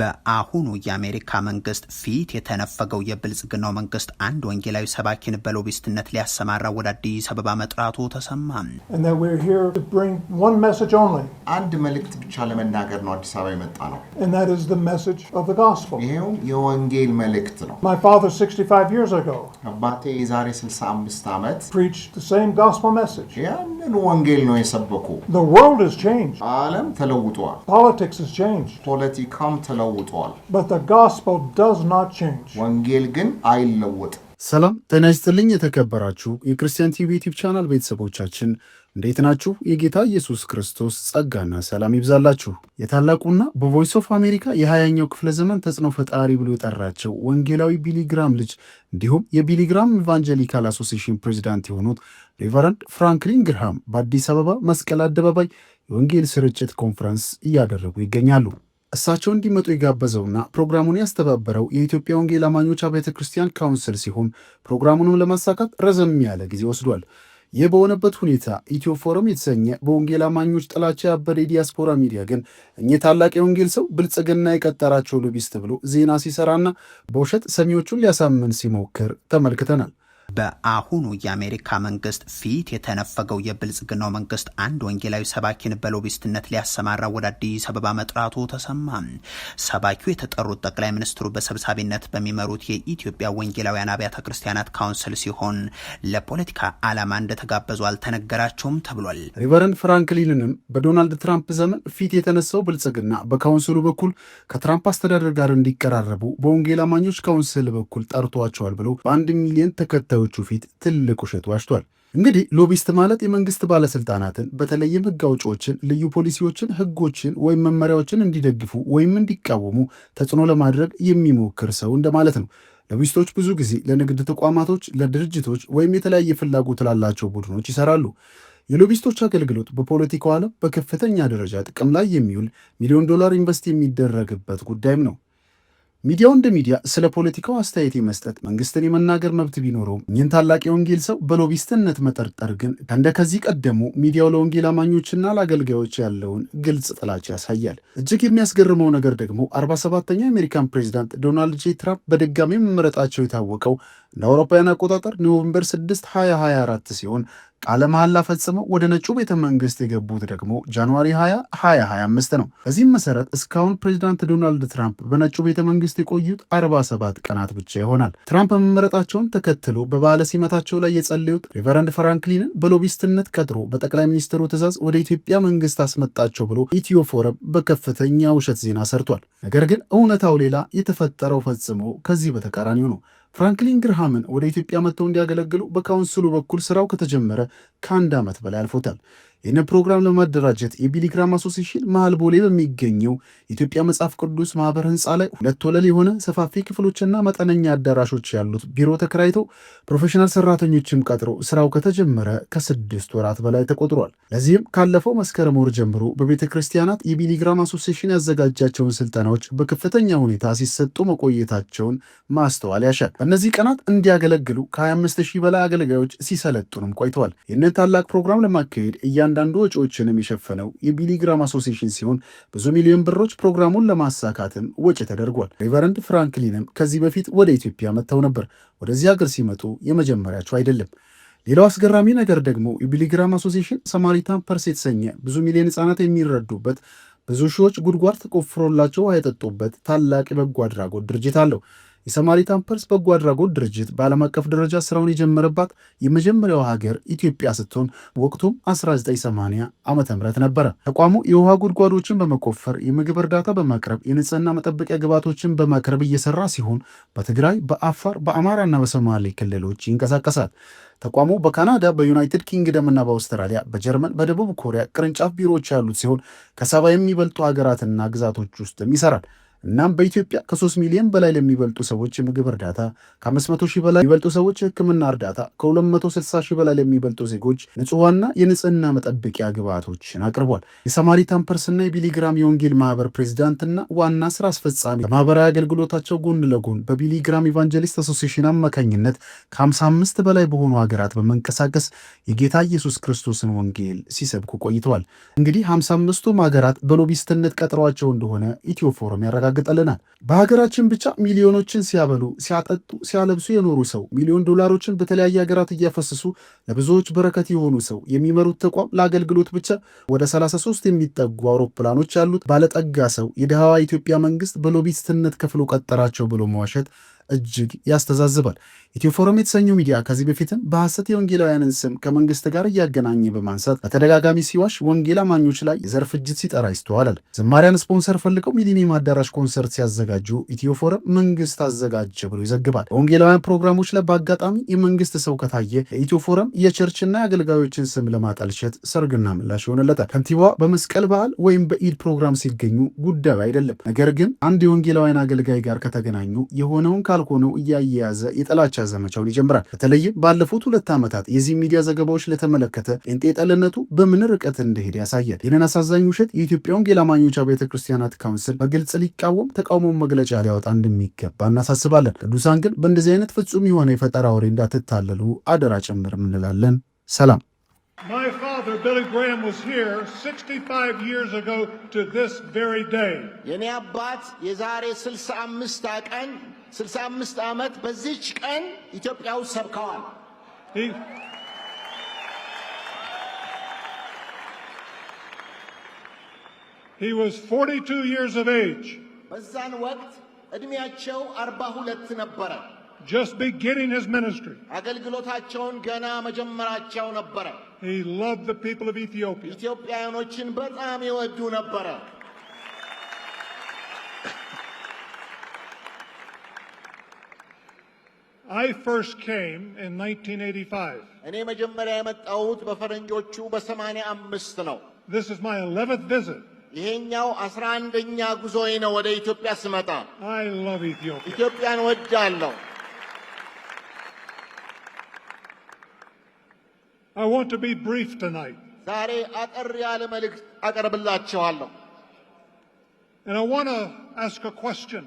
በአሁኑ የአሜሪካ መንግስት ፊት የተነፈገው የብልጽግናው መንግስት አንድ ወንጌላዊ ሰባኪን በሎቢስትነት ሊያሰማራ ወደ አዲስ አበባ መጥራቱ ተሰማ። አንድ መልእክት ብቻ ለመናገር ነው አዲስ አበባ የመጣ ነው። ይሄው የወንጌል መልእክት ነው። አባቴ የዛሬ 65 ዓመት ያንን ወንጌል ነው የሰበኩ። ዓለም ተለውጧል። ፖለቲካም ተለ ተለውጠዋል። ወንጌል ግን አይለወጥም። ሰላም ጤና ይስጥልኝ። የተከበራችሁ የክርስቲያን ቲቪ ዩቲዩብ ቻናል ቤተሰቦቻችን እንዴት ናችሁ? የጌታ ኢየሱስ ክርስቶስ ጸጋና ሰላም ይብዛላችሁ። የታላቁና በቮይስ ኦፍ አሜሪካ የሀያኛው ክፍለ ዘመን ተጽዕኖ ፈጣሪ ብሎ የጠራቸው ወንጌላዊ ቢሊግራም ልጅ እንዲሁም የቢሊግራም ኢቫንጀሊካል አሶሲሽን ፕሬዚዳንት የሆኑት ሬቨረንድ ፍራንክሊን ግርሃም በአዲስ አበባ መስቀል አደባባይ የወንጌል ስርጭት ኮንፈረንስ እያደረጉ ይገኛሉ። እሳቸው እንዲመጡ የጋበዘውና ፕሮግራሙን ያስተባበረው የኢትዮጵያ ወንጌል አማኞች አብያተ ክርስቲያን ካውንስል ሲሆን ፕሮግራሙንም ለማሳካት ረዘም ያለ ጊዜ ወስዷል። ይህ በሆነበት ሁኔታ ኢትዮ ፎረም የተሰኘ በወንጌል አማኞች ጥላቻ ያበደ የዲያስፖራ ሚዲያ ግን እኚህ ታላቅ የወንጌል ሰው ብልጽግና የቀጠራቸው ሎቢስት ብሎ ዜና ሲሰራና በውሸት ሰሚዎቹን ሊያሳምን ሲሞክር ተመልክተናል። በአሁኑ የአሜሪካ መንግስት ፊት የተነፈገው የብልጽግናው መንግስት አንድ ወንጌላዊ ሰባኪን በሎቢስትነት ሊያሰማራ ወደ አዲስ አበባ መጥራቱ ተሰማ። ሰባኪው የተጠሩት ጠቅላይ ሚኒስትሩ በሰብሳቢነት በሚመሩት የኢትዮጵያ ወንጌላውያን አብያተ ክርስቲያናት ካውንስል ሲሆን ለፖለቲካ ዓላማ እንደተጋበዙ አልተነገራቸውም ተብሏል። ሪቨረንድ ፍራንክሊንንም በዶናልድ ትራምፕ ዘመን ፊት የተነሳው ብልጽግና በካውንስሉ በኩል ከትራምፕ አስተዳደር ጋር እንዲቀራረቡ በወንጌል አማኞች ካውንስል በኩል ጠርቷቸዋል ብሎ በአንድ ሚሊዮን ተከታዮች በዳኞቹ ፊት ትልቅ ውሸት ዋሽቷል። እንግዲህ ሎቢስት ማለት የመንግስት ባለስልጣናትን በተለይም ህግ አውጪዎችን፣ ልዩ ፖሊሲዎችን፣ ህጎችን ወይም መመሪያዎችን እንዲደግፉ ወይም እንዲቃወሙ ተጽዕኖ ለማድረግ የሚሞክር ሰው እንደማለት ነው። ሎቢስቶች ብዙ ጊዜ ለንግድ ተቋማቶች፣ ለድርጅቶች ወይም የተለያየ ፍላጎት ላላቸው ቡድኖች ይሰራሉ። የሎቢስቶች አገልግሎት በፖለቲካው ዓለም በከፍተኛ ደረጃ ጥቅም ላይ የሚውል ሚሊዮን ዶላር ኢንቨስት የሚደረግበት ጉዳይም ነው። ሚዲያው እንደ ሚዲያ ስለ ፖለቲካው አስተያየት የመስጠት መንግስትን የመናገር መብት ቢኖረውም እኚህን ታላቅ የወንጌል ሰው በሎቢስትነት መጠርጠር ግን ከእንደ ከዚህ ቀደሙ ሚዲያው ለወንጌል አማኞችና ለአገልጋዮች ያለውን ግልጽ ጥላቻ ያሳያል። እጅግ የሚያስገርመው ነገር ደግሞ 47ኛው የአሜሪካን ፕሬዚዳንት ዶናልድ ጄ ትራምፕ በድጋሚ መመረጣቸው የታወቀው እንደ አውሮፓውያን አቆጣጠር ኖቬምበር 6 2024 ሲሆን ቃለ መሐላ ፈጽመው ወደ ነጩ ቤተ መንግስት የገቡት ደግሞ ጃንዋሪ 20 2025 ነው። በዚህም መሰረት እስካሁን ፕሬዚዳንት ዶናልድ ትራምፕ በነጩ ቤተ መንግስት የቆዩት 47 ቀናት ብቻ ይሆናል። ትራምፕ መመረጣቸውን ተከትሎ በበዓለ ሲመታቸው ላይ የጸለዩት ሬቨረንድ ፍራንክሊንን በሎቢስትነት ቀጥሮ በጠቅላይ ሚኒስትሩ ትእዛዝ ወደ ኢትዮጵያ መንግስት አስመጣቸው ብሎ ኢትዮ ፎረም በከፍተኛ ውሸት ዜና ሰርቷል። ነገር ግን እውነታው ሌላ፣ የተፈጠረው ፈጽሞ ከዚህ በተቃራኒው ነው። ፍራንክሊን ግርሃምን ወደ ኢትዮጵያ መጥተው እንዲያገለግሉ በካውንስሉ በኩል ስራው ከተጀመረ ከአንድ ዓመት በላይ አልፎታል። ይህን ፕሮግራም ለማደራጀት የቢሊግራም አሶሴሽን መሃል ቦሌ በሚገኘው የኢትዮጵያ መጽሐፍ ቅዱስ ማህበር ህንፃ ላይ ሁለት ወለል የሆነ ሰፋፊ ክፍሎችና መጠነኛ አዳራሾች ያሉት ቢሮ ተከራይተው ፕሮፌሽናል ሰራተኞችም ቀጥሮ ስራው ከተጀመረ ከስድስት ወራት በላይ ተቆጥሯል። ለዚህም ካለፈው መስከረም ወር ጀምሮ በቤተ ክርስቲያናት የቢሊግራም አሶሴሽን ያዘጋጃቸውን ስልጠናዎች በከፍተኛ ሁኔታ ሲሰጡ መቆየታቸውን ማስተዋል ያሻል። በእነዚህ ቀናት እንዲያገለግሉ ከ25 ሺህ በላይ አገልጋዮች ሲሰለጡንም ቆይተዋል። ይህንን ታላቅ ፕሮግራም ለማካሄድ እያ አንዳንድ ወጪዎችንም የሸፈነው የቢሊግራም አሶሲሽን ሲሆን ብዙ ሚሊዮን ብሮች ፕሮግራሙን ለማሳካትም ወጪ ተደርጓል። ሬቨረንድ ፍራንክሊንም ከዚህ በፊት ወደ ኢትዮጵያ መጥተው ነበር። ወደዚህ ሀገር ሲመጡ የመጀመሪያቸው አይደለም። ሌላው አስገራሚ ነገር ደግሞ የቢሊግራም አሶሲሽን ሰማሪታን ፐርስ የተሰኘ ብዙ ሚሊዮን ህጻናት የሚረዱበት ብዙ ሺዎች ጉድጓድ ተቆፍሮላቸው አይጠጡበት ታላቅ የበጎ አድራጎት ድርጅት አለው። የሰማሪታን ፐርስ በጎ አድራጎት ድርጅት በዓለም አቀፍ ደረጃ ስራውን የጀመረባት የመጀመሪያው ሀገር ኢትዮጵያ ስትሆን ወቅቱም 1980 ዓ ም ነበረ። ተቋሙ የውሃ ጉድጓዶችን በመቆፈር የምግብ እርዳታ በማቅረብ የንጽህና መጠበቂያ ግብዓቶችን በማቅረብ እየሰራ ሲሆን በትግራይ፣ በአፋር፣ በአማራና በሶማሌ ክልሎች ይንቀሳቀሳል። ተቋሙ በካናዳ፣ በዩናይትድ ኪንግደም እና በአውስትራሊያ፣ በጀርመን፣ በደቡብ ኮሪያ ቅርንጫፍ ቢሮዎች ያሉት ሲሆን ከሰባ የሚበልጡ ሀገራትና ግዛቶች ውስጥም ይሰራል። እናም በኢትዮጵያ ከ3 ሚሊዮን በላይ ለሚበልጡ ሰዎች የምግብ እርዳታ፣ ከ500 ሺህ በላይ የሚበልጡ ሰዎች የህክምና እርዳታ፣ ከ260 ሺህ በላይ ለሚበልጡ ዜጎች ንጹሕና የንጽህና መጠበቂያ ግብዓቶችን አቅርቧል። የሳማሪታን ፐርስና የቢሊግራም የወንጌል ማህበር ፕሬዚዳንትና ዋና ስራ አስፈጻሚ ከማህበራዊ አገልግሎታቸው ጎን ለጎን በቢሊግራም ኢቫንጀሊስት አሶሲሽን አማካኝነት ከ55 በላይ በሆኑ ሀገራት በመንቀሳቀስ የጌታ ኢየሱስ ክርስቶስን ወንጌል ሲሰብኩ ቆይተዋል። እንግዲህ 55ቱም ሀገራት በሎቢስትነት ቀጥሯቸው እንደሆነ ፎረም ያረጋ ያረጋግጠልናል። በሀገራችን ብቻ ሚሊዮኖችን ሲያበሉ፣ ሲያጠጡ፣ ሲያለብሱ የኖሩ ሰው ሚሊዮን ዶላሮችን በተለያየ ሀገራት እያፈሰሱ ለብዙዎች በረከት የሆኑ ሰው የሚመሩት ተቋም ለአገልግሎት ብቻ ወደ 33 የሚጠጉ አውሮፕላኖች ያሉት ባለጠጋ ሰው የድሃዋ ኢትዮጵያ መንግስት በሎቢስትነት ከፍሎ ቀጠራቸው ብሎ መዋሸት እጅግ ያስተዛዝባል። ኢትዮ ፎረም የተሰኘው ሚዲያ ከዚህ በፊትም በሐሰት የወንጌላውያንን ስም ከመንግስት ጋር እያገናኘ በማንሳት በተደጋጋሚ ሲዋሽ ወንጌል አማኞች ላይ የዘር ፍጅት ሲጠራ ይስተዋላል። ዝማሪያን ስፖንሰር ፈልገው ሚሊኒየም አዳራሽ ኮንሰርት ሲያዘጋጁ ኢትዮ ፎረም መንግስት አዘጋጀ ብሎ ይዘግባል። በወንጌላውያን ፕሮግራሞች ላይ በአጋጣሚ የመንግስት ሰው ከታየ የኢትዮ ፎረም የቸርችና የአገልጋዮችን ስም ለማጠልሸት ሰርግና ምላሽ ይሆንለታል። ከንቲባ በመስቀል በዓል ወይም በኢድ ፕሮግራም ሲገኙ ጉዳዩ አይደለም። ነገር ግን አንድ የወንጌላውያን አገልጋይ ጋር ከተገናኙ የሆነውን ሆነው እያያያዘ የጥላቻ ዘመቻውን ይጀምራል። በተለይም ባለፉት ሁለት ዓመታት የዚህ ሚዲያ ዘገባዎች ለተመለከተ ጴንጤጠልነቱ በምን ርቀት እንደሄደ ያሳያል። ይህንን አሳዛኝ ውሸት የኢትዮጵያ ወንጌል አማኞች ቤተ ክርስቲያናት ካውንስል በግልጽ ሊቃወም ተቃውሞን መግለጫ ሊያወጣ እንደሚገባ እናሳስባለን። ቅዱሳን ግን በእንደዚህ አይነት ፍጹም የሆነ የፈጠራ ወሬ እንዳትታለሉ አደራ ጭምር እንላለን። ሰላም። My father, Billy Graham, was here 65 years ago to this very day. የኔ አባት የዛሬ 65 ቀን 65 ዓመት በዚች ቀን ኢትዮጵያ ውስጥ ሰብከዋል። He was 42 years of age. በዛን ወቅት ዕድሜያቸው 42 ነበረ። Just beginning his ministry. አገልግሎታቸውን ገና መጀመራቸው ነበረ። He loved the people of Ethiopia. ኢትዮጵያውያኖችን በጣም ይወዱ ነበረ። I first came in 1985. እኔ መጀመሪያ የመጣሁት በፈረንጆቹ በሰማንያ አምስት ነው። This is my 11th visit. ይሄኛው አስራ አንደኛ ጉዞዬ ነው ወደ ኢትዮጵያ ስመጣ። I love Ethiopia. ኢትዮጵያን ወዳለሁ። I want to be brief tonight. ዛሬ አጠር ያለ መልእክት አቀርብላችኋለሁ። And I want to ask a question.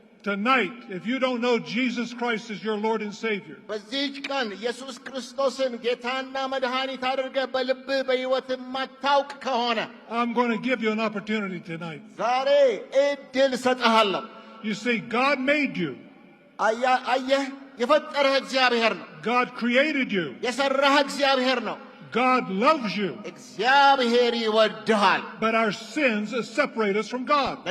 Tonight, if you don't know Jesus Christ as your Lord and Savior, I'm going to give you an opportunity tonight. You see, God made you. God created you. God loves you. But our sins separate us from God.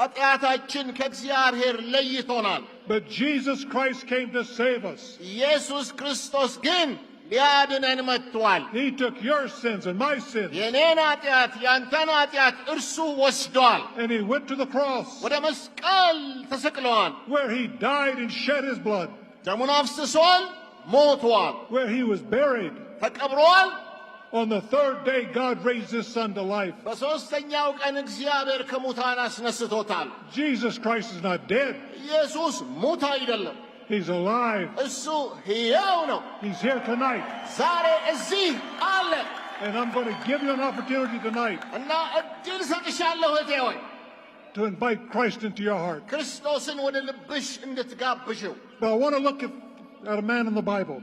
ኃጢአታችን ከእግዚአብሔር ለይቶናል። But Jesus Christ came to save us. ኢየሱስ ክርስቶስ ግን ሊያድነን መጥቷል። He took your sins and my sins. የኔን ኃጢአት ያንተን ኃጢአት እርሱ ወስዷል። And he went to the cross ወደ መስቀል ተሰቅለዋል። where he died and shed his blood, ደሙን አፍስሷል፣ ሞቷል። where he was buried, ተቀብሯል፣ on the third day, God raised his son to life. Jesus Christ is not dead. He's alive. He's here tonight. And I'm going to give you an opportunity tonight. to invite Christ into your heart. But I want to look at, at a man in the Bible.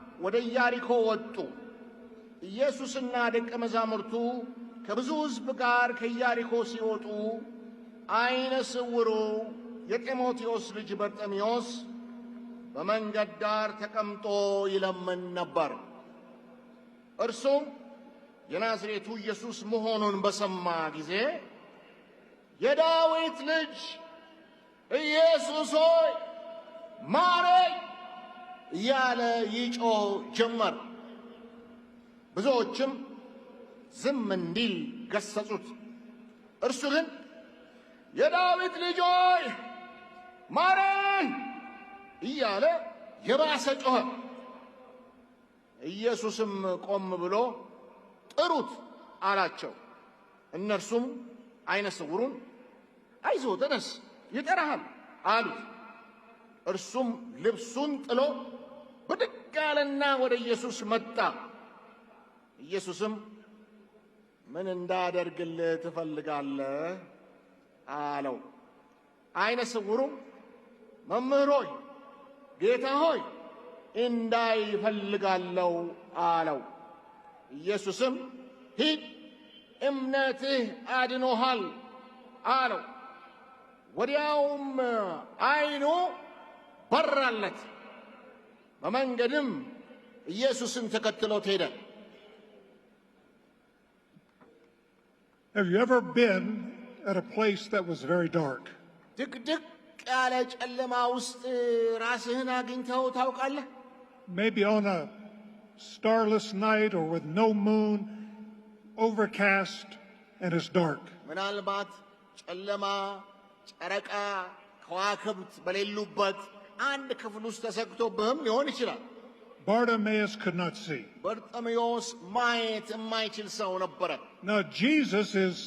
ወደ ኢያሪኮ ወጡ። ኢየሱስና ደቀ መዛሙርቱ ከብዙ ሕዝብ ጋር ከኢያሪኮ ሲወጡ ዐይነ ስውሩ የጢሞቴዎስ ልጅ በርጤሜዎስ በመንገድ ዳር ተቀምጦ ይለምን ነበር። እርሱም የናዝሬቱ ኢየሱስ መሆኑን በሰማ ጊዜ የዳዊት ልጅ ኢየሱስ ሆይ ማረኝ እያለ ይጮህ ጀመር። ብዙዎችም ዝም እንዲል ገሰጹት። እርሱ ግን የዳዊት ልጆች ማረን እያለ የባሰ ጮኸ። ኢየሱስም ቆም ብሎ ጥሩት አላቸው። እነርሱም ዓይነ ስውሩን አይዞ ተነስ፣ ይጠራሃል አሉት። እርሱም ልብሱን ጥሎ ብድግ አለና ወደ ኢየሱስ መጣ። ኢየሱስም ምን እንዳደርግልህ ትፈልጋለህ አለው። አይነ ስውሩም መምህር ሆይ ጌታ ሆይ እንዳይ እፈልጋለሁ አለው። ኢየሱስም ሂድ እምነትህ አድኖሃል አለው። ወዲያውም አይኑ በራለት። በመንገድም ኢየሱስን ተከትለው ሄደ። Have you ever been at a place that was very dark? ድቅድቅ ያለ ጨለማ ውስጥ ራስህን አግኝተው ታውቃለህ? Maybe on a starless night or with no moon, overcast and it's dark. ምናልባት ጨለማ ጨረቃ ከዋክብት በሌሉበት አንድ ክፍል ውስጥ ተሰግቶብህም ሊሆን ይችላል። Bartimaeus could not see. በርጠሜዎስ ማየት የማይችል ሰው ነበረ። Now Jesus is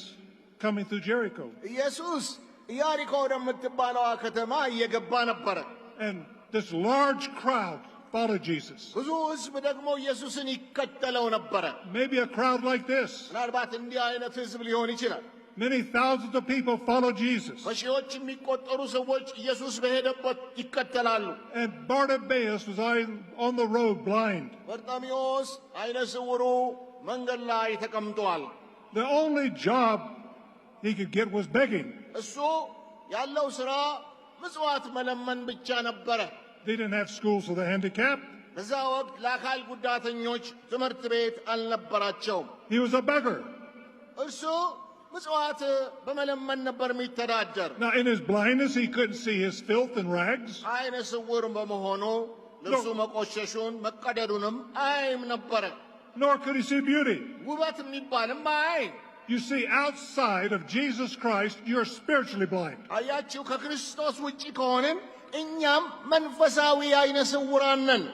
coming through Jericho. ኢየሱስ ኢያሪኮ ወደምትባለዋ ከተማ እየገባ ነበረ። And this large crowd followed Jesus. ብዙ ሕዝብ ደግሞ ኢየሱስን ይከተለው ነበረ። Maybe a crowd like this. ምናልባት እንዲህ አይነት ሕዝብ ሊሆን ይችላል። many thousands of people follow Jesus. And Bartimaeus was on the road blind. The only job he could get was begging. They didn't have schools for the handicapped. He was a beggar. ምጽዋት በመለመን ነበር የሚተዳደር። Now, in his blindness, he couldn't see his filth and rags. አይነ ስውር በመሆኑ ልብሱ መቆሸሹን መቀደዱንም አይም nor could he see beauty. ውበት የሚባልም አይ You see, outside of Jesus Christ, you're spiritually blind. አያችሁ፣ ከክርስቶስ ውጭ ከሆንን እኛም መንፈሳዊ አይነ ስውራን ነን።